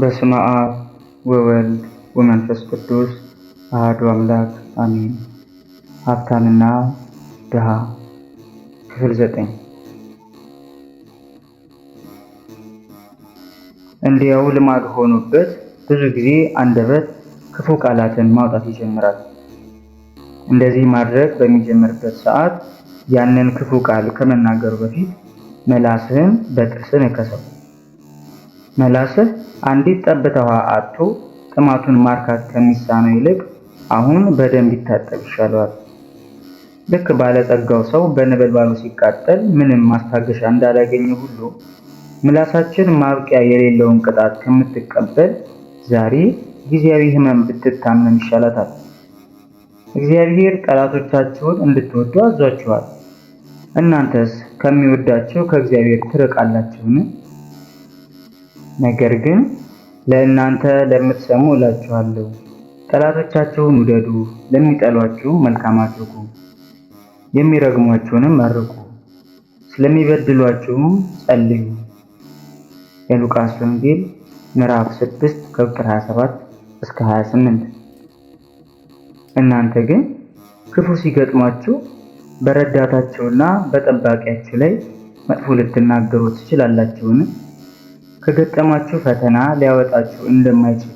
በስመ አብ ወወልድ ወመንፈስ ቅዱስ አህዱ አምላክ አሜን። ሀብታምና ድሃ ክፍል ዘጠኝ እንዲያው ልማድ ሆኖበት ብዙ ጊዜ አንደበት ክፉ ቃላትን ማውጣት ይጀምራል። እንደዚህ ማድረግ በሚጀምርበት ሰዓት ያንን ክፉ ቃል ከመናገሩ በፊት መላስህን በጥርስህ ንከሰው። መላስህ አንዲት ጠብታ ውሃ አጥቶ ጥማቱን ማርካት ከሚሳነው ይልቅ አሁን በደም ቢታጠብ ይሻለዋል። ልክ ባለጸጋው ሰው በነበልባሉ ሲቃጠል ምንም ማስታገሻ እንዳላገኘ ሁሉ ምላሳችን ማብቂያ የሌለውን ቅጣት ከምትቀበል ዛሬ ጊዜያዊ ህመም ብትታመም ይሻላታል። እግዚአብሔር ጠላቶቻችሁን እንድትወዱ አዟችኋል። እናንተስ ከሚወዳቸው ከእግዚአብሔር ትርቃላችሁን? ነገር ግን ለእናንተ ለምትሰሙ እላችኋለሁ፣ ጠላቶቻችሁን ውደዱ፣ ለሚጠሏችሁ መልካም አድርጉ፣ የሚረግሟችሁንም መርቁ፣ ስለሚበድሏችሁም ጸልዩ። የሉቃስ ወንጌል ምዕራፍ 6 ከቁጥር 27 እስከ 28። እናንተ ግን ክፉ ሲገጥማችሁ በረዳታችሁና በጠባቂያችሁ ላይ መጥፎ ልትናገሩ ትችላላችሁን? ከገጠማችሁ ፈተና ሊያወጣችሁ እንደማይችል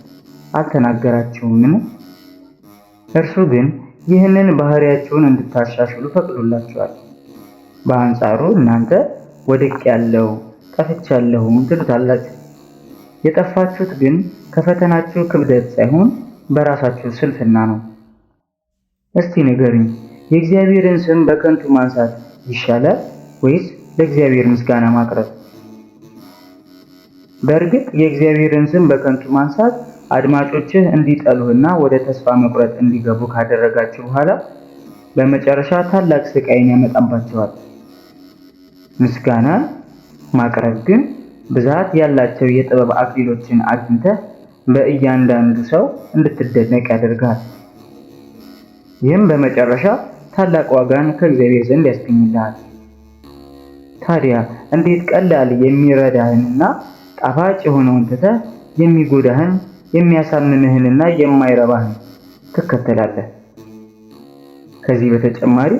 አልተናገራችሁምን? እርሱ ግን ይህንን ባህሪያችሁን እንድታሻሽሉ ፈቅዶላችኋል። በአንጻሩ እናንተ ወድቄያለሁ፣ ጠፍቻለሁም ትሉታላችሁ። የጠፋችሁት ግን ከፈተናችሁ ክብደት ሳይሆን በራሳችሁ ስልፍና ነው። እስቲ ንገሩኝ፣ የእግዚአብሔርን ስም በከንቱ ማንሳት ይሻላል ወይስ ለእግዚአብሔር ምስጋና ማቅረብ? በእርግጥ የእግዚአብሔርን ስም በከንቱ ማንሳት አድማጮችህ እንዲጠሉህና ወደ ተስፋ መቁረጥ እንዲገቡ ካደረጋችሁ በኋላ በመጨረሻ ታላቅ ስቃይን ያመጣባቸዋል። ምስጋናን ማቅረብ ግን ብዛት ያላቸው የጥበብ አክሊሎችን አግኝተህ በእያንዳንዱ ሰው እንድትደነቅ ያደርጋል። ይህም በመጨረሻ ታላቅ ዋጋን ከእግዚአብሔር ዘንድ ያስገኝልሃል። ታዲያ እንዴት ቀላል የሚረዳህንና ጣፋጭ የሆነውን ትተህ የሚጎዳህን የሚያሳምምህንና የማይረባህን ትከተላለህ። ከዚህ በተጨማሪ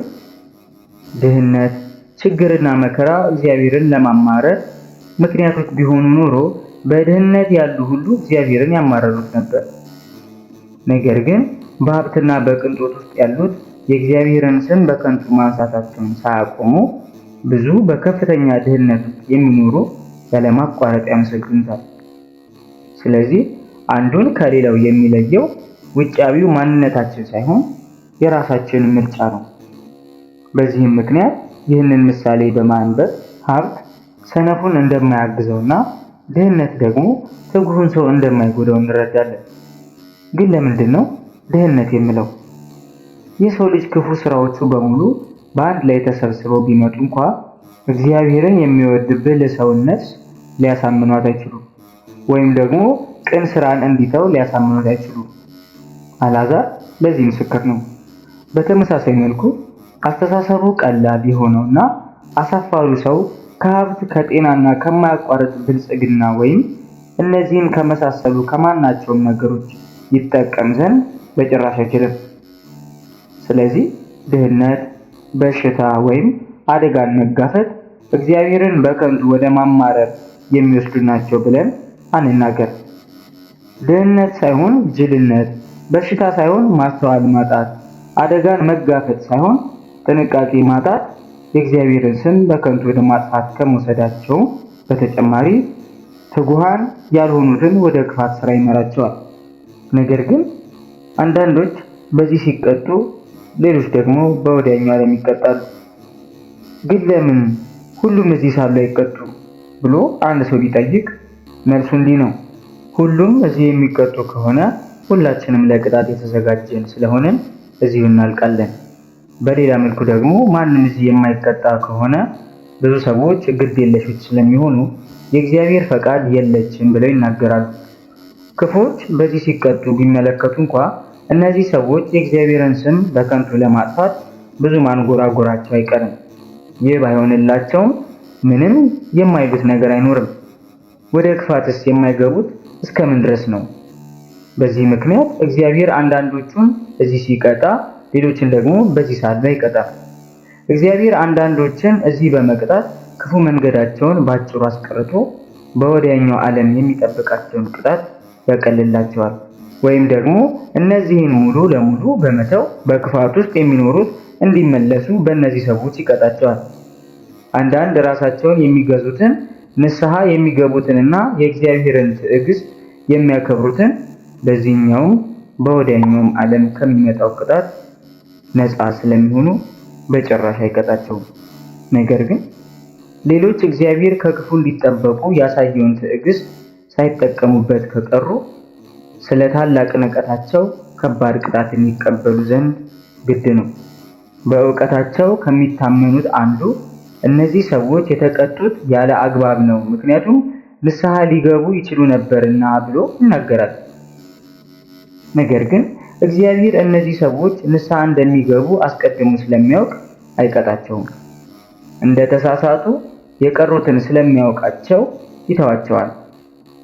ድህነት፣ ችግርና መከራ እግዚአብሔርን ለማማረር ምክንያቶች ቢሆኑ ኖሮ በድህነት ያሉ ሁሉ እግዚአብሔርን ያማረሩት ነበር። ነገር ግን በሀብትና በቅንጦት ውስጥ ያሉት የእግዚአብሔርን ስም በከንቱ ማንሳታቸውን ሳያቆሙ ብዙ በከፍተኛ ድህነት ውስጥ የሚኖሩ ያለማቋረጥ ያመሰግኑታል። ስለዚህ አንዱን ከሌላው የሚለየው ውጫዊው ማንነታችን ሳይሆን የራሳችን ምርጫ ነው። በዚህም ምክንያት ይህንን ምሳሌ በማንበብ ሀብት ሰነፉን እንደማያግዘውና ድህነት ደግሞ ትጉህን ሰው እንደማይጎዳው እንረዳለን። ግን ለምንድን ነው ድህነት የምለው? የሰው ልጅ ክፉ ስራዎቹ በሙሉ በአንድ ላይ ተሰብስበው ቢመጡ እንኳ እግዚአብሔርን የሚወድ ብልህ ሰው ነፍስ ሊያሳምኗት አይችሉም፣ ወይም ደግሞ ቅን ስራን እንዲተው ሊያሳምኗት አይችሉም። አላዛር ለዚህ ምስክር ነው። በተመሳሳይ መልኩ አስተሳሰቡ ቀላል የሆነውና አሳፋሪ ሰው ከሀብት ከጤናና ከማያቋርጥ ብልጽግና ወይም እነዚህን ከመሳሰሉ ከማናቸውም ነገሮች ይጠቀም ዘንድ በጭራሽ አይችልም። ስለዚህ ድህነት፣ በሽታ ወይም አደጋን መጋፈጥ እግዚአብሔርን በከንቱ ወደ ማማረር የሚወስዱ ናቸው ብለን አንናገር። ድህነት ሳይሆን ጅልነት፣ በሽታ ሳይሆን ማስተዋል ማጣት፣ አደጋን መጋፈጥ ሳይሆን ጥንቃቄ ማጣት የእግዚአብሔርን ስም በከንቱ ወደ ማጥፋት ከመውሰዳቸው በተጨማሪ ትጉሃን ያልሆኑትን ወደ ክፋት ስራ ይመራቸዋል። ነገር ግን አንዳንዶች በዚህ ሲቀጡ፣ ሌሎች ደግሞ በወዲያኛው ዓለም ይቀጣሉ። ግን ለምን ሁሉም እዚህ ሳሉ አይቀጡ ብሎ አንድ ሰው ቢጠይቅ መልሱ እንዲህ ነው። ሁሉም እዚህ የሚቀጡ ከሆነ ሁላችንም ለቅጣት የተዘጋጀን ስለሆነን እዚሁ እናልቃለን። በሌላ መልኩ ደግሞ ማንም እዚህ የማይቀጣ ከሆነ ብዙ ሰዎች ግድ የለሾች ስለሚሆኑ የእግዚአብሔር ፈቃድ የለችም ብለው ይናገራሉ። ክፎች በዚህ ሲቀጡ ቢመለከቱ እንኳ እነዚህ ሰዎች የእግዚአብሔርን ስም በከንቱ ለማጥፋት ብዙ ማንጎራጎራቸው አይቀርም። ይህ ባይሆንላቸው ምንም የማይሉት ነገር አይኖርም። ወደ ክፋትስ የማይገቡት እስከምን ድረስ ነው? በዚህ ምክንያት እግዚአብሔር አንዳንዶቹን እዚህ ሲቀጣ፣ ሌሎችን ደግሞ በዚህ ሰዓት ላይ ይቀጣል። እግዚአብሔር አንዳንዶችን እዚህ በመቅጣት ክፉ መንገዳቸውን በአጭሩ አስቀርቶ በወዲያኛው ዓለም የሚጠብቃቸውን ቅጣት ያቀልላቸዋል። ወይም ደግሞ እነዚህን ሙሉ ለሙሉ በመተው በክፋት ውስጥ የሚኖሩት እንዲመለሱ በእነዚህ ሰዎች ይቀጣቸዋል። አንዳንድ ራሳቸውን የሚገዙትን ንስሐ የሚገቡትንና የእግዚአብሔርን ትዕግስት የሚያከብሩትን በዚህኛው በወዲያኛውም ዓለም ከሚመጣው ቅጣት ነፃ ስለሚሆኑ በጭራሽ አይቀጣቸውም። ነገር ግን ሌሎች እግዚአብሔር ከክፉ እንዲጠበቁ ያሳየውን ትዕግስት ሳይጠቀሙበት ከቀሩ ስለ ታላቅ ንቀታቸው ከባድ ቅጣት ይቀበሉ ዘንድ ግድ ነው። በእውቀታቸው ከሚታመኑት አንዱ እነዚህ ሰዎች የተቀጡት ያለ አግባብ ነው፣ ምክንያቱም ንስሐ ሊገቡ ይችሉ ነበርና ብሎ ይናገራል። ነገር ግን እግዚአብሔር እነዚህ ሰዎች ንስሐ እንደሚገቡ አስቀድሞ ስለሚያውቅ አይቀጣቸውም። እንደተሳሳቱ የቀሩትን ስለሚያውቃቸው ይተዋቸዋል።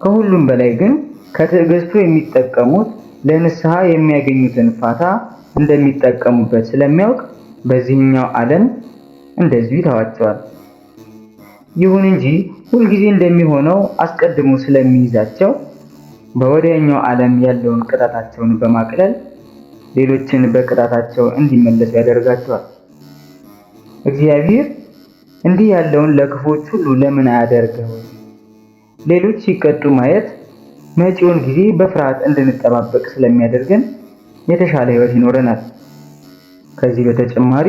ከሁሉም በላይ ግን ከትዕግስቱ የሚጠቀሙት ለንስሐ የሚያገኙትን ፋታ እንደሚጠቀሙበት ስለሚያውቅ በዚህኛው ዓለም እንደዚሁ ይተዋቸዋል። ይሁን እንጂ ሁልጊዜ እንደሚሆነው አስቀድሞ ስለሚይዛቸው በወዲያኛው ዓለም ያለውን ቅጣታቸውን በማቅለል ሌሎችን በቅጣታቸው እንዲመለሱ ያደርጋቸዋል። እግዚአብሔር እንዲህ ያለውን ለክፎች ሁሉ ለምን አያደርገው? ሌሎች ሲቀጡ ማየት መጪውን ጊዜ በፍርሃት እንድንጠባበቅ ስለሚያደርገን የተሻለ ሕይወት ይኖረናል። ከዚህ በተጨማሪ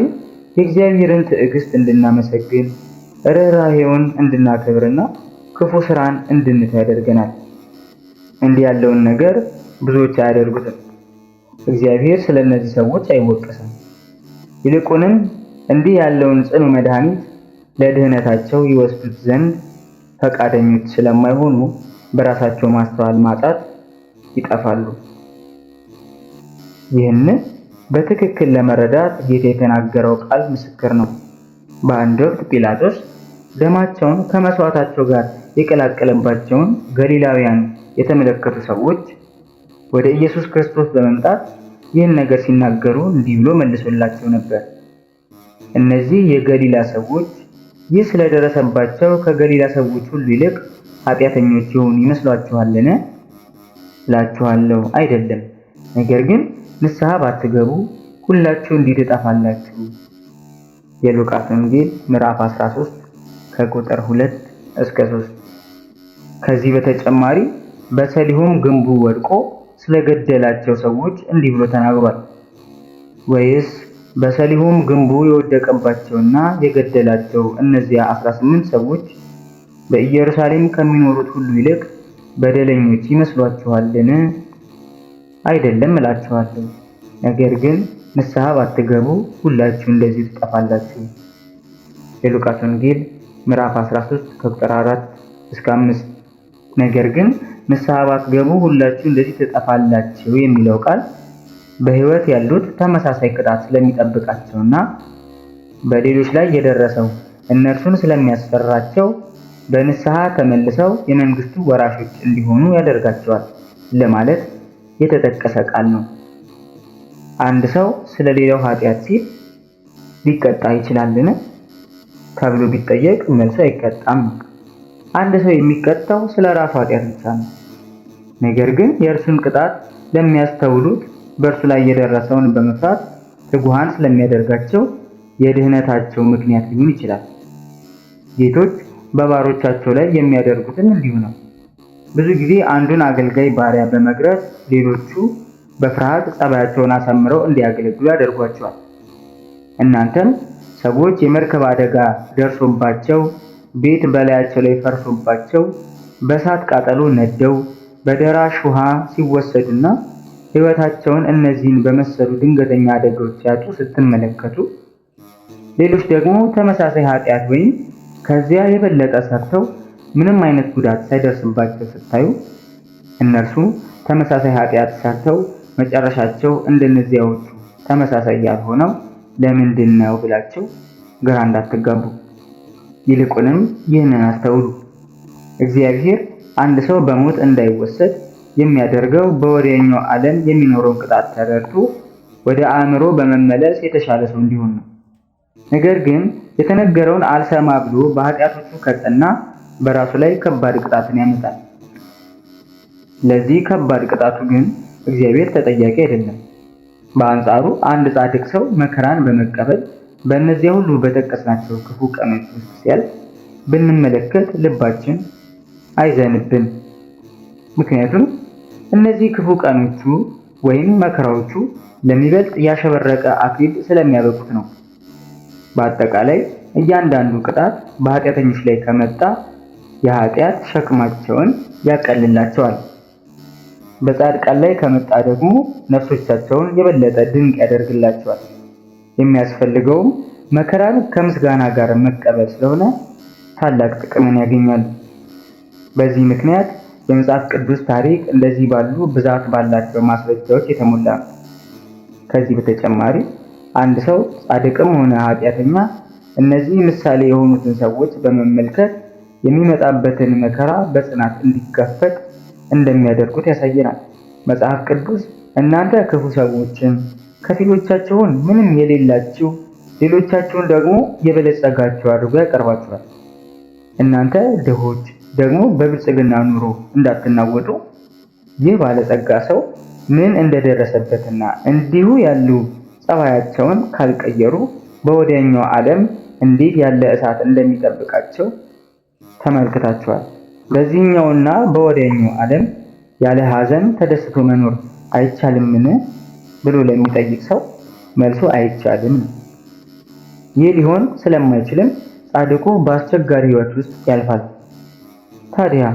የእግዚአብሔርን ትዕግስት እንድናመሰግን ርኅራኄውን እንድናከብርና ክፉ ስራን እንድንት ያደርገናል። እንዲህ ያለውን ነገር ብዙዎች አያደርጉትም። እግዚአብሔር ስለ እነዚህ ሰዎች አይወቀስም። ይልቁንም እንዲህ ያለውን ጽኑ መድኃኒት ለድህነታቸው ይወስዱት ዘንድ ፈቃደኞች ስለማይሆኑ በራሳቸው ማስተዋል ማጣት ይጠፋሉ። ይህንን በትክክል ለመረዳት ጌታ የተናገረው ቃል ምስክር ነው። በአንድ ወቅት ጲላጦስ ደማቸውን ከመሥዋዕታቸው ጋር የቀላቀለባቸውን ገሊላውያን የተመለከቱ ሰዎች ወደ ኢየሱስ ክርስቶስ በመምጣት ይህን ነገር ሲናገሩ እንዲህ ብሎ መልሶላቸው ነበር። እነዚህ የገሊላ ሰዎች ይህ ስለደረሰባቸው ከገሊላ ሰዎች ሁሉ ይልቅ ኃጢአተኞች የሆኑ ይመስሏችኋልን? እላችኋለሁ አይደለም። ነገር ግን ንስሐ ባትገቡ ሁላችሁ እንዲሁ ትጠፋላችሁ። የሉቃስ ወንጌል ምዕራፍ 13 ከቁጥር 2 እስከ 3። ከዚህ በተጨማሪ በሰሊሆም ግንቡ ወድቆ ስለገደላቸው ሰዎች እንዲህ ብሎ ተናግሯል። ወይስ በሰሊሆም ግንቡ የወደቀባቸውና የገደላቸው እነዚያ 18 ሰዎች በኢየሩሳሌም ከሚኖሩት ሁሉ ይልቅ በደለኞች ይመስሏችኋልን? አይደለም እላችኋለሁ። ነገር ግን ንስሐ ባትገቡ ሁላችሁ እንደዚሁ ትጠፋላችሁ። የሉቃስ ወንጌል ምዕራፍ 13 ከቁጥር 4 እስከ 5። ነገር ግን ንስሐ ባትገቡ ሁላችሁ እንደዚህ ትጠፋላችሁ የሚለው ቃል በሕይወት ያሉት ተመሳሳይ ቅጣት ስለሚጠብቃቸውና በሌሎች ላይ የደረሰው እነርሱን ስለሚያስፈራቸው በንስሐ ተመልሰው የመንግስቱ ወራሾች እንዲሆኑ ያደርጋቸዋል ለማለት የተጠቀሰ ቃል ነው። አንድ ሰው ስለ ሌላው ኃጢአት ሲል ሊቀጣ ይችላልን ተብሎ ቢጠየቅ መልስ አይቀጣም። አንድ ሰው የሚቀጣው ስለ ራሱ ኃጢአት ብቻ ነው። ነገር ግን የእርሱን ቅጣት ለሚያስተውሉት በእርሱ ላይ የደረሰውን በመፍራት ትጉሃን ስለሚያደርጋቸው የድህነታቸው ምክንያት ሊሆን ይችላል። ጌቶች በባሮቻቸው ላይ የሚያደርጉትን እንዲሁ ነው። ብዙ ጊዜ አንዱን አገልጋይ ባሪያ በመግረፍ ሌሎቹ በፍርሃት ጸባያቸውን አሳምረው እንዲያገለግሉ ያደርጓቸዋል። እናንተም ሰዎች የመርከብ አደጋ ደርሶባቸው ቤት በላያቸው ላይ ፈርሶባቸው በእሳት ቃጠሎ ነደው በደራሽ ውሃ ሲወሰዱና ሕይወታቸውን እነዚህን በመሰሉ ድንገተኛ አደጋዎች ያጡ ስትመለከቱ ሌሎች ደግሞ ተመሳሳይ ኃጢአት ወይም ከዚያ የበለጠ ሰርተው ምንም አይነት ጉዳት ሳይደርስባቸው ስታዩ እነርሱ ተመሳሳይ ኃጢአት ሰርተው መጨረሻቸው እንደነዚያዎቹ ተመሳሳይ ያልሆነው ለምንድን ነው ብላችሁ ግራ እንዳትጋቡ። ይልቁንም ይህንን አስተውሉ። እግዚአብሔር አንድ ሰው በሞት እንዳይወሰድ የሚያደርገው በወዲያኛው ዓለም የሚኖረውን ቅጣት ተረድቶ ወደ አእምሮ በመመለስ የተሻለ ሰው እንዲሆን ነው። ነገር ግን የተነገረውን አልሰማ ብሎ በኃጢአቶቹ ከጸና በራሱ ላይ ከባድ ቅጣትን ያመጣል። ለዚህ ከባድ ቅጣቱ ግን እግዚአብሔር ተጠያቂ አይደለም። በአንጻሩ አንድ ጻድቅ ሰው መከራን በመቀበል በእነዚያ ሁሉ በጠቀስናቸው ክፉ ቀኖች ውስጥ ሲያልፍ ብንመለከት ልባችን አይዘንብን። ምክንያቱም እነዚህ ክፉ ቀኖቹ ወይም መከራዎቹ ለሚበልጥ ያሸበረቀ አክሊል ስለሚያበቁት ነው። በአጠቃላይ እያንዳንዱ ቅጣት በኃጢአተኞች ላይ ከመጣ የኃጢአት ሸክማቸውን ያቀልላቸዋል። በጻድቃን ላይ ከመጣ ደግሞ ነፍሶቻቸውን የበለጠ ድንቅ ያደርግላቸዋል። የሚያስፈልገውም መከራን ከምስጋና ጋር መቀበል ስለሆነ ታላቅ ጥቅምን ያገኛሉ። በዚህ ምክንያት የመጽሐፍ ቅዱስ ታሪክ እንደዚህ ባሉ ብዛት ባላቸው ማስረጃዎች የተሞላ ነው። ከዚህ በተጨማሪ አንድ ሰው ጻድቅም ሆነ ኃጢአተኛ እነዚህ ምሳሌ የሆኑትን ሰዎች በመመልከት የሚመጣበትን መከራ በጽናት እንዲጋፈጥ እንደሚያደርጉት ያሳየናል። መጽሐፍ ቅዱስ እናንተ ክፉ ሰዎችን ከፊሎቻችሁን ምንም የሌላችሁ ሌሎቻችሁን ደግሞ የበለጸጋችሁ አድርጎ ያቀርባችኋል። እናንተ ድሆች ደግሞ በብልጽግና ኑሮ እንዳትናወጡ ይህ ባለጸጋ ሰው ምን እንደደረሰበትና እንዲሁ ያሉ ጸባያቸውን ካልቀየሩ በወዲያኛው ዓለም እንዴት ያለ እሳት እንደሚጠብቃቸው ተመልክታችኋል። በዚህኛውና በወዲያኛው ዓለም ያለ ሐዘን ተደስቶ መኖር አይቻልምን ብሎ ለሚጠይቅ ሰው መልሱ አይቻልም ነው። ይህ ሊሆን ስለማይችልም ጻድቁ በአስቸጋሪ ሕይወት ውስጥ ያልፋል። ታዲያ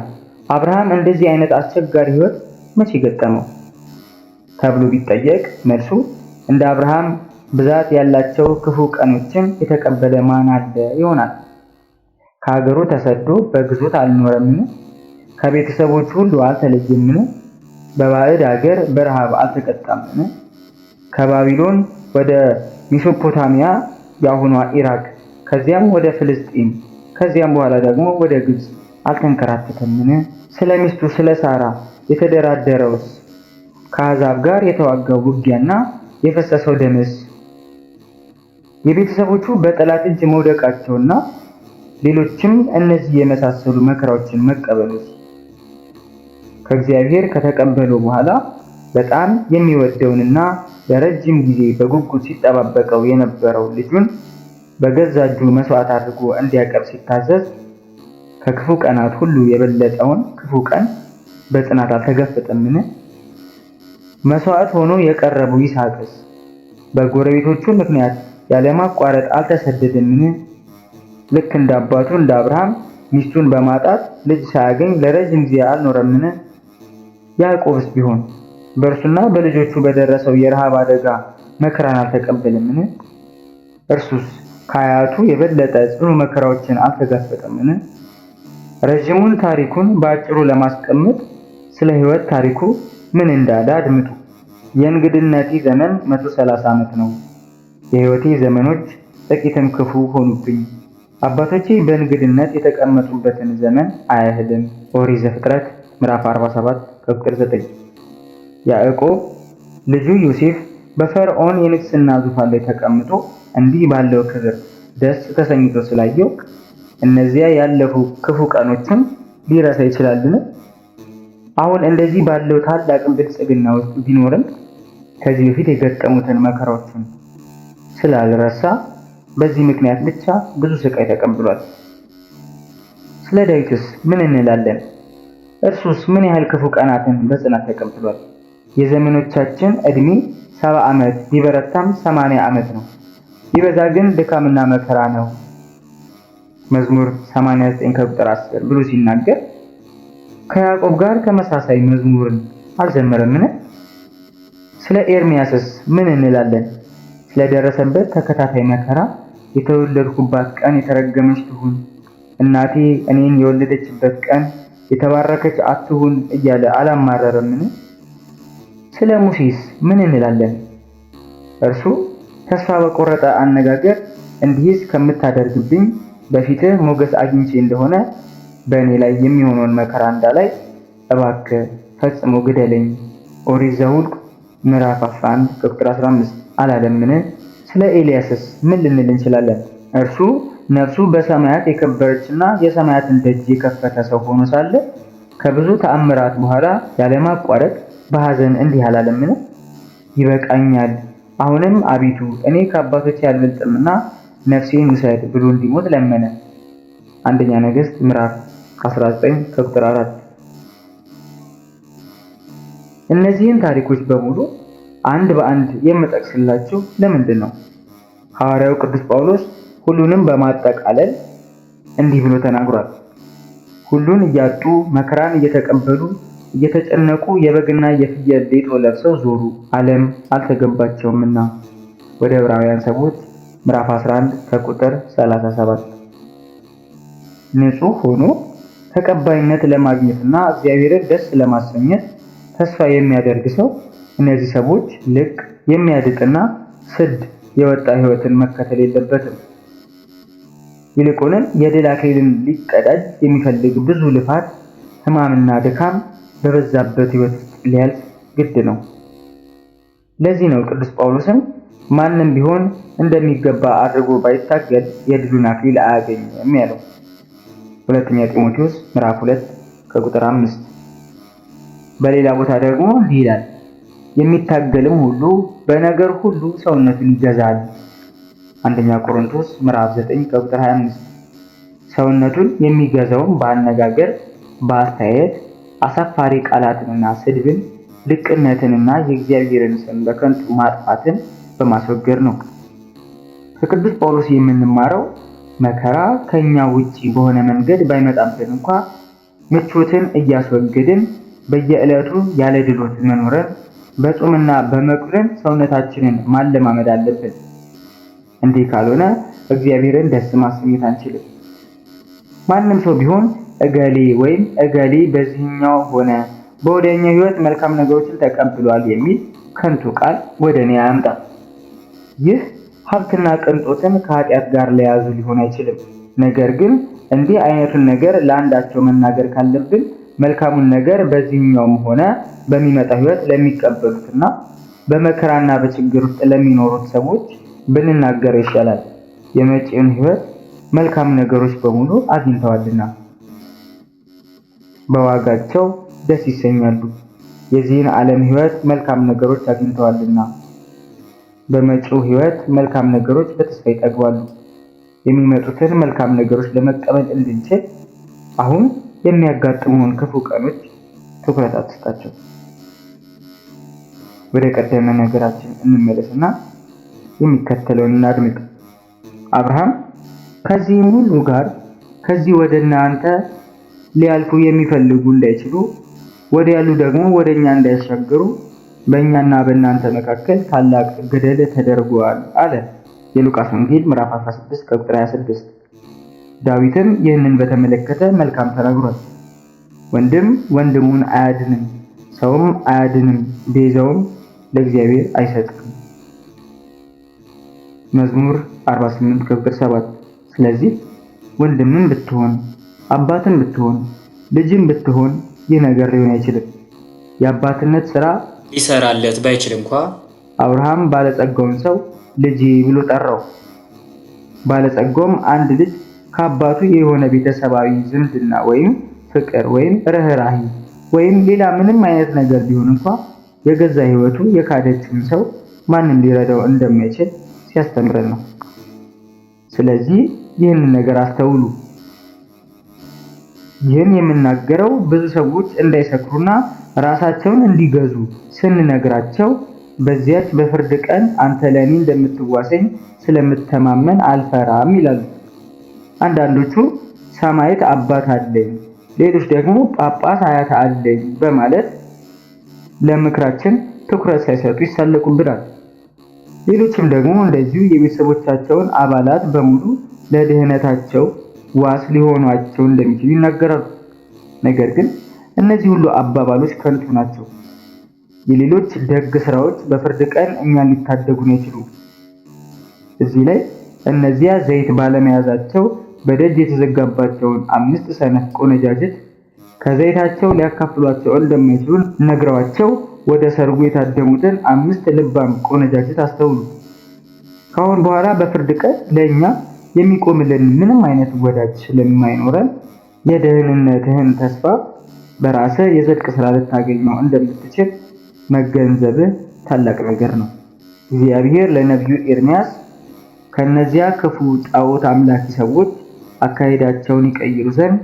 አብርሃም እንደዚህ አይነት አስቸጋሪ ሕይወት መቼ ገጠመው ተብሎ ቢጠየቅ መልሱ እንደ አብርሃም ብዛት ያላቸው ክፉ ቀኖችን የተቀበለ ማን አለ ይሆናል። ከሀገሩ ተሰዶ በግዞት አልኖረምን? ከቤተሰቦቹ ሁሉ አልተለየምን? በባዕድ አገር በረሃብ አልተቀጣምን? ከባቢሎን ወደ ሜሶፖታሚያ የአሁኗ ኢራቅ፣ ከዚያም ወደ ፍልስጢም፣ ከዚያም በኋላ ደግሞ ወደ ግብፅ አልተንከራተተምን? ስለ ሚስቱ ስለ ሳራ የተደራደረውስ ከአሕዛብ ጋር የተዋጋው ውጊያና የፈሰሰው ደምስ የቤተሰቦቹ በጠላት እጅ መውደቃቸውና ሌሎችም እነዚህ የመሳሰሉ መከራዎችን መቀበሉ ከእግዚአብሔር ከተቀበለው በኋላ በጣም የሚወደውንና ለረጅም ጊዜ በጉጉት ሲጠባበቀው የነበረው ልጁን በገዛ እጁ መስዋዕት አድርጎ እንዲያቀርብ ሲታዘዝ ከክፉ ቀናት ሁሉ የበለጠውን ክፉ ቀን በጽናት አልተገፈጠምን? መስዋዕት ሆኖ የቀረበው ይስሐቅስ በጎረቤቶቹ ምክንያት ያለማቋረጥ አልተሰደደምን? ልክ እንደ አባቱ እንደ አብርሃም ሚስቱን በማጣት ልጅ ሳያገኝ ለረጅም ጊዜ አልኖረምን? ያዕቆብስ ቢሆን በእርሱና በልጆቹ በደረሰው የረሃብ አደጋ መከራን አልተቀበልምን? እርሱስ ከአያቱ የበለጠ ጽኑ መከራዎችን አልተጋፈጠምን? ረዥሙን ታሪኩን በአጭሩ ለማስቀመጥ ስለ ሕይወት ታሪኩ ምን እንዳለ አድምጡ። የእንግድነቴ ዘመን 130 ዓመት ነው። የሕይወቴ ዘመኖች ጥቂትም ክፉ ሆኑብኝ። አባቶቼ በእንግድነት የተቀመጡበትን ዘመን አያህልም። ኦሪት ዘፍጥረት ምዕራፍ 47 ከቁጥር 9። ያዕቆብ ልጁ ዮሴፍ በፈርዖን የንግስና ዙፋን ላይ ተቀምጦ እንዲህ ባለው ክብር ደስ ተሰኝቶ ስላየው እነዚያ ያለፉ ክፉ ቀኖችን ሊረሳ ይችላልን? አሁን እንደዚህ ባለው ታላቅ ብልጽግና ውስጥ ቢኖርም ከዚህ በፊት የገጠሙትን መከራዎችን ስላልረሳ በዚህ ምክንያት ብቻ ብዙ ስቃይ ተቀምጥሏል። ስለ ዳዊትስ ምን እንላለን? እርሱስ ምን ያህል ክፉ ቀናትን በጽናት ተቀምጥሏል። የዘመኖቻችን ዕድሜ ሰባ ዓመት ቢበረታም ሰማንያ ዓመት ነው። ቢበዛ ግን ድካምና መከራ ነው። መዝሙር 89 ከቁጥር 10 ብሎ ሲናገር ከያዕቆብ ጋር ተመሳሳይ መዝሙርን አልዘመረምን? ስለ ኤርሚያስስ ምን እንላለን? ስለደረሰበት ተከታታይ መከራ የተወለድኩባት ቀን የተረገመች ትሁን፣ እናቴ እኔን የወለደችበት ቀን የተባረከች አትሁን እያለ አላማረረምን? ስለ ሙሴስ ምን እንላለን? እርሱ ተስፋ በቆረጠ አነጋገር እንዲህስ ከምታደርግብኝ በፊትህ ሞገስ አግኝቼ እንደሆነ በእኔ ላይ የሚሆነውን መከራ እንዳላይ እባክህ ፈጽሞ ግደለኝ። ኦሪት ዘኍልቍ ምዕራፍ 11 ቁጥር 15 አላለምን? ስለ ኤልያስስ ምን ልንል እንችላለን? እርሱ ነፍሱ በሰማያት የከበረችና የሰማያትን ደጅ የከፈተ ሰው ሆኖ ሳለ ከብዙ ተአምራት በኋላ ያለማቋረጥ በሐዘን እንዲህ አላለምን? ይበቃኛል፣ አሁንም አቤቱ እኔ ከአባቶች አልበልጥምና ነፍሴን ውሰድ ብሎ እንዲሞት ለመነ። አንደኛ ነገሥት ምዕራፍ 19 ከቁጥር 4። እነዚህን ታሪኮች በሙሉ አንድ በአንድ የምጠቅስላችሁ ለምንድን ነው ሐዋርያው ቅዱስ ጳውሎስ ሁሉንም በማጠቃለል እንዲህ ብሎ ተናግሯል። ሁሉን እያጡ መከራን እየተቀበሉ እየተጨነቁ የበግና የፍየል ሌጦ ለብሰው ዞሩ፣ ዓለም አልተገባቸውምና። ወደ ዕብራውያን ሰዎች ምዕራፍ 11 ከቁጥር 37። ንጹሕ ሆኖ ተቀባይነት ለማግኘትና እግዚአብሔርን ደስ ለማሰኘት ተስፋ የሚያደርግ ሰው እነዚህ ሰዎች ልቅ የሚያድቅና ስድ የወጣ ህይወትን መከተል የለበትም። ይልቁንም የድል አክሊልን ሊቀዳጅ የሚፈልግ ብዙ ልፋት፣ ህማምና ድካም በበዛበት ህይወት ውስጥ ሊያልፍ ግድ ነው። ለዚህ ነው ቅዱስ ጳውሎስም ማንም ቢሆን እንደሚገባ አድርጎ ባይታገል የድሉን አክሊል አያገኝም ያለው ሁለተኛ ጢሞቴዎስ ምዕራፍ 2 ከቁጥር 5። በሌላ ቦታ ደግሞ ይላል የሚታገልም ሁሉ በነገር ሁሉ ሰውነቱን ይገዛል። አንደኛ ቆሮንቶስ ምዕራፍ 9 ቁጥር 25። ሰውነቱን የሚገዛውም በአነጋገር በአስተያየት አሳፋሪ ቃላትንና ስድብን፣ ልቅነትንና የእግዚአብሔርን ስም በከንቱ ማጥፋትን በማስወገድ ነው። ከቅዱስ ጳውሎስ የምንማረው መከራ ከኛ ውጪ በሆነ መንገድ ባይመጣብን እንኳ ምቾትን እያስወገድን በየዕለቱ ያለ ድሎት መኖረን ። በጾምና በመቁረብ ሰውነታችንን ማለማመድ አለብን። እንዲህ ካልሆነ እግዚአብሔርን ደስ ማሰኘት አንችልም። ማንም ሰው ቢሆን እገሌ ወይም እገሌ በዚህኛው ሆነ በወደኛው ሕይወት መልካም ነገሮችን ተቀብሏል የሚል ከንቱ ቃል ወደ እኔ አያምጣ። ይህ ሀብትና ቅንጦትን ከኃጢአት ጋር ለያዙ ሊሆን አይችልም። ነገር ግን እንዲህ አይነቱን ነገር ለአንዳቸው መናገር ካለብን መልካሙን ነገር በዚህኛውም ሆነ በሚመጣ ህይወት ለሚቀበሉትና በመከራና በችግር ውስጥ ለሚኖሩት ሰዎች ብንናገር ይሻላል። የመጪውን ህይወት መልካም ነገሮች በሙሉ አግኝተዋልና በዋጋቸው ደስ ይሰኛሉ። የዚህን ዓለም ህይወት መልካም ነገሮች አግኝተዋልና በመጪው ህይወት መልካም ነገሮች በተስፋ ይጠግባሉ። የሚመጡትን መልካም ነገሮች ለመቀበል እንድንችል አሁን የሚያጋጥመውን ክፉ ቀኖች ትኩረት አትስጣቸው። ወደ ቀደመ ነገራችን እንመለስና የሚከተለውን እናድምጥ። አብርሃም ከዚህም ሁሉ ጋር ከዚህ ወደ እናንተ ሊያልፉ የሚፈልጉ እንዳይችሉ ወደ ያሉ ደግሞ ወደ እኛ እንዳይሻገሩ በእኛና በእናንተ መካከል ታላቅ ገደል ተደርጓል አለ። የሉቃስ ወንጌል ምዕራፍ 16 ቁጥር 26 ዳዊትም ይህንን በተመለከተ መልካም ተናግሯል። ወንድም ወንድሙን አያድንም፣ ሰውም አያድንም፣ ቤዛውም ለእግዚአብሔር አይሰጥም። መዝሙር 48 ከቁጥር 7። ስለዚህ ወንድምም ብትሆን አባትም ብትሆን ልጅም ብትሆን ይህ ነገር ሊሆን አይችልም። የአባትነት ስራ ሊሰራለት ባይችል እንኳ አብርሃም ባለጸጋውን ሰው ልጅ ብሎ ጠራው። ባለጸጋውም አንድ ልጅ ከአባቱ የሆነ ቤተሰባዊ ዝምድና ወይም ፍቅር ወይም ርኅራሂ ወይም ሌላ ምንም አይነት ነገር ቢሆን እንኳ የገዛ ሕይወቱ የካደችውን ሰው ማንም ሊረዳው እንደማይችል ሲያስተምረን ነው። ስለዚህ ይህንን ነገር አስተውሉ። ይህን የምናገረው ብዙ ሰዎች እንዳይሰክሩና ራሳቸውን እንዲገዙ ስንነግራቸው በዚያች በፍርድ ቀን አንተ ለእኔ እንደምትዋሰኝ ስለምተማመን አልፈራም ይላሉ። አንዳንዶቹ ሰማዕት አባት አለኝ፣ ሌሎች ደግሞ ጳጳስ አያት አለኝ በማለት ለምክራችን ትኩረት ሳይሰጡ ይሳለቁብናል። ሌሎችም ደግሞ እንደዚሁ የቤተሰቦቻቸውን አባላት በሙሉ ለድህነታቸው ዋስ ሊሆኗቸው እንደሚችሉ ይናገራሉ። ነገር ግን እነዚህ ሁሉ አባባሎች ከንቱ ናቸው። የሌሎች ደግ ስራዎች በፍርድ ቀን እኛን ሊታደጉን አይችሉም። እዚህ ላይ እነዚያ ዘይት ባለመያዛቸው በደጅ የተዘጋባቸውን አምስት ሰነፍ ቆነጃጅት ከዘይታቸው ሊያካፍሏቸው እንደማይችሉ ነግረዋቸው ወደ ሰርጉ የታደሙትን አምስት ልባም ቆነጃጅት አስተውሉ። ካሁን በኋላ በፍርድ ቀን ለእኛ የሚቆምልን ምንም አይነት ወዳጅ ስለማይኖረን የደህንነትህን ተስፋ በራሰ የጽድቅ ስራ ልታገኘው እንደምትችል መገንዘብህ ታላቅ ነገር ነው። እግዚአብሔር ለነቢዩ ኤርሚያስ ከነዚያ ክፉ ጣዖት አምላኪ ሰዎች አካሄዳቸውን ይቀይሩ ዘንድ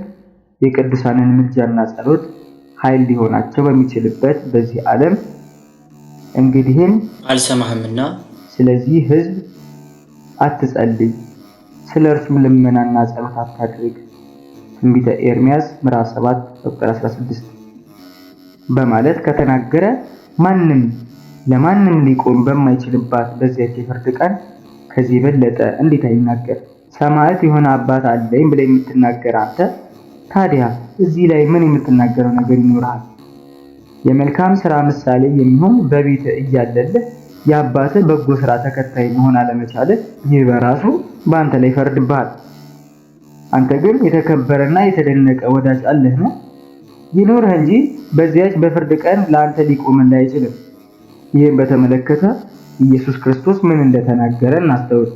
የቅዱሳንን ምልጃና ጸሎት ኃይል ሊሆናቸው በሚችልበት በዚህ ዓለም እንግዲህም አልሰማህምና ስለዚህ ሕዝብ አትጸልይ፣ ስለ እርሱም ልመናና ጸሎት አታድርግ ትንቢተ ኤርሚያስ ምዕራፍ 7 ቁጥር 16 በማለት ከተናገረ ማንም ለማንም ሊቆም በማይችልባት በዚያች የፍርድ ቀን ከዚህ የበለጠ እንዴት አይናገር? ሰማያት የሆነ አባት አለኝ ብለህ የምትናገር አንተ ታዲያ እዚህ ላይ ምን የምትናገረው ነገር ይኖርሃል? የመልካም ስራ ምሳሌ የሚሆን በቤት እያለልህ የአባት በጎ ስራ ተከታይ መሆን አለመቻለ ይህ በራሱ በአንተ ላይ ይፈርድብሃል። አንተ ግን የተከበረና የተደነቀ ወዳጅ አለህ ነው ይኖርህ እንጂ በዚያች በፍርድ ቀን ለአንተ ሊቆምልህ አይችልም። ይህን በተመለከተ ኢየሱስ ክርስቶስ ምን እንደተናገረ እናስተውል።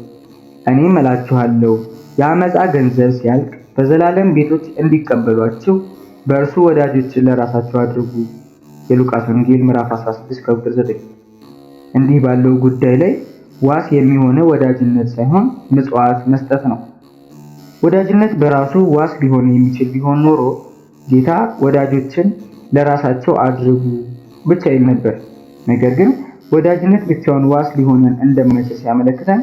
እኔም እላችኋለሁ የአመፃ ገንዘብ ሲያልቅ በዘላለም ቤቶች እንዲቀበሏችሁ በእርሱ ወዳጆችን ለራሳችሁ አድርጉ። የሉቃስ ወንጌል ምዕራፍ 16 ከቁጥር 9። እንዲህ ባለው ጉዳይ ላይ ዋስ የሚሆነ ወዳጅነት ሳይሆን ምጽዋት መስጠት ነው። ወዳጅነት በራሱ ዋስ ሊሆን የሚችል ቢሆን ኖሮ ጌታ ወዳጆችን ለራሳቸው አድርጉ ብቻ ይል ነበር። ነገር ግን ወዳጅነት ብቻውን ዋስ ሊሆነን እንደማይችል ሲያመለክተን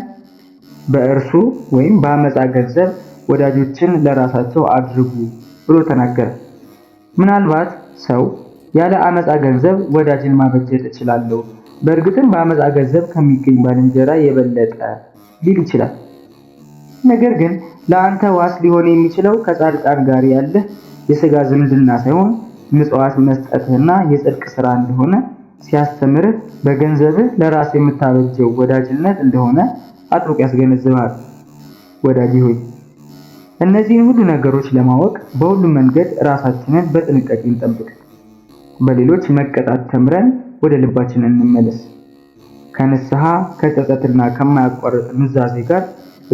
በእርሱ ወይም በአመፃ ገንዘብ ወዳጆችን ለራሳቸው አድርጉ ብሎ ተናገረ። ምናልባት ሰው ያለ አመፃ ገንዘብ ወዳጅን ማበጀት እችላለሁ፣ በእርግጥም በአመፃ ገንዘብ ከሚገኝ ባልንጀራ የበለጠ ሊል ይችላል። ነገር ግን ለአንተ ዋስ ሊሆን የሚችለው ከጻድቃን ጋር ያለህ የስጋ ዝምድና ሳይሆን ምጽዋት መስጠትህና የጽድቅ ስራ እንደሆነ ሲያስተምርህ በገንዘብህ ለራስ የምታበጀው ወዳጅነት እንደሆነ አጥብቆ ያስገነዝባል። ወዳጅ ሆይ እነዚህን ሁሉ ነገሮች ለማወቅ በሁሉም መንገድ ራሳችንን በጥንቃቄ እንጠብቅ። በሌሎች መቀጣት ተምረን ወደ ልባችን እንመለስ። ከንስሐ ከጸጸትና ከማያቋርጥ ኑዛዜ ጋር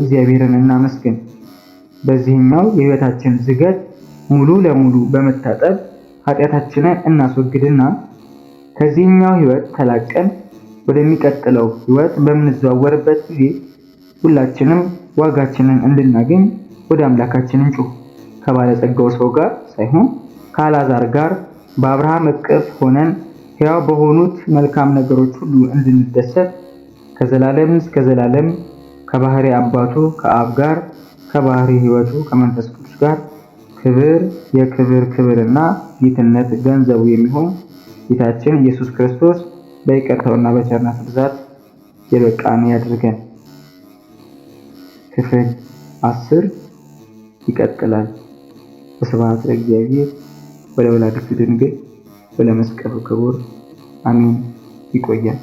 እግዚአብሔርን እናመስግን። በዚህኛው የሕይወታችን ዝገት ሙሉ ለሙሉ በመታጠብ ኃጢአታችንን እናስወግድና ከዚህኛው ሕይወት ተላቀን ወደሚቀጥለው ህይወት በምንዘዋወርበት ጊዜ ሁላችንም ዋጋችንን እንድናገኝ ወደ አምላካችን እንጩህ። ከባለጸጋው ሰው ጋር ሳይሆን ከአላዛር ጋር በአብርሃም እቅፍ ሆነን ሕያው በሆኑት መልካም ነገሮች ሁሉ እንድንደሰት ከዘላለም እስከ ዘላለም ከባህሪ አባቱ ከአብ ጋር ከባህሪ ህይወቱ ከመንፈስ ቅዱስ ጋር ክብር የክብር ክብርና ጌትነት ገንዘቡ የሚሆን ጌታችን ኢየሱስ ክርስቶስ በይቅርታውና በቸርነት ብዛት የበቃን ያድርገን። ክፍል አስር ይቀጥላል። ስብሐት ለእግዚአብሔር ወለወላዲቱ ድንግል ወለመስቀሉ ክቡር አሜን። ይቆያል።